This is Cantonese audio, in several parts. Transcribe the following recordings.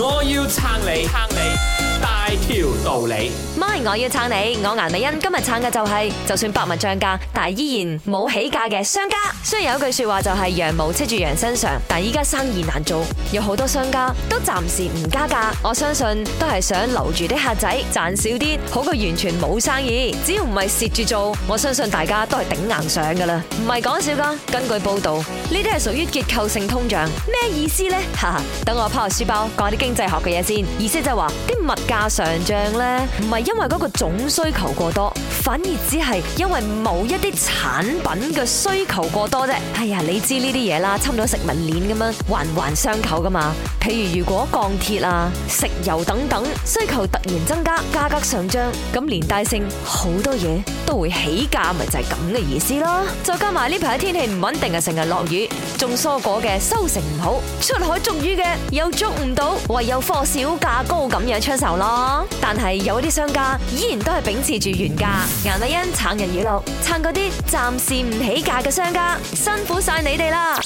我要撐你，撐你大條道理。媽，我要撐你我顏，我顏美恩今日撐嘅就係，就算百物漲價，但係依然冇起價嘅商家。雖然有一句說話就係羊毛出喺羊身上，但係依家生意難做，有好多商家都暫時唔加價。我相信都係想留住啲客仔，賺少啲好過完全冇生意。只要唔係蝕住做，我相信大家都係頂硬上噶啦。唔係講笑噶，根據報道，呢啲係屬於結構性通脹，咩意思呢？哈哈，等我拋下書包，講啲經經濟學嘅嘢先，意思就係話啲物價上漲呢，唔係因為嗰個總需求過多，反而只係因為某一啲產品嘅需求過多啫。哎呀，你知呢啲嘢啦，差唔多食物鏈咁樣環環相扣噶嘛。譬如如果鋼鐵啊、石油等等需求突然增加，價格上漲，咁連帶性好多嘢都會起價，咪就係咁嘅意思囉。再加埋呢排天氣唔穩定啊，成日落雨，種蔬果嘅收成唔好，出海捉魚嘅又捉唔到。唯有貨少價高咁樣出售咯，但係有啲商家依然都係秉持住原價。顏麗欣撐人語錄，撐嗰啲暫時唔起價嘅商家，辛苦晒你哋啦！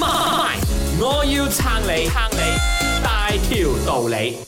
媽我要撐你，撐你大條道理。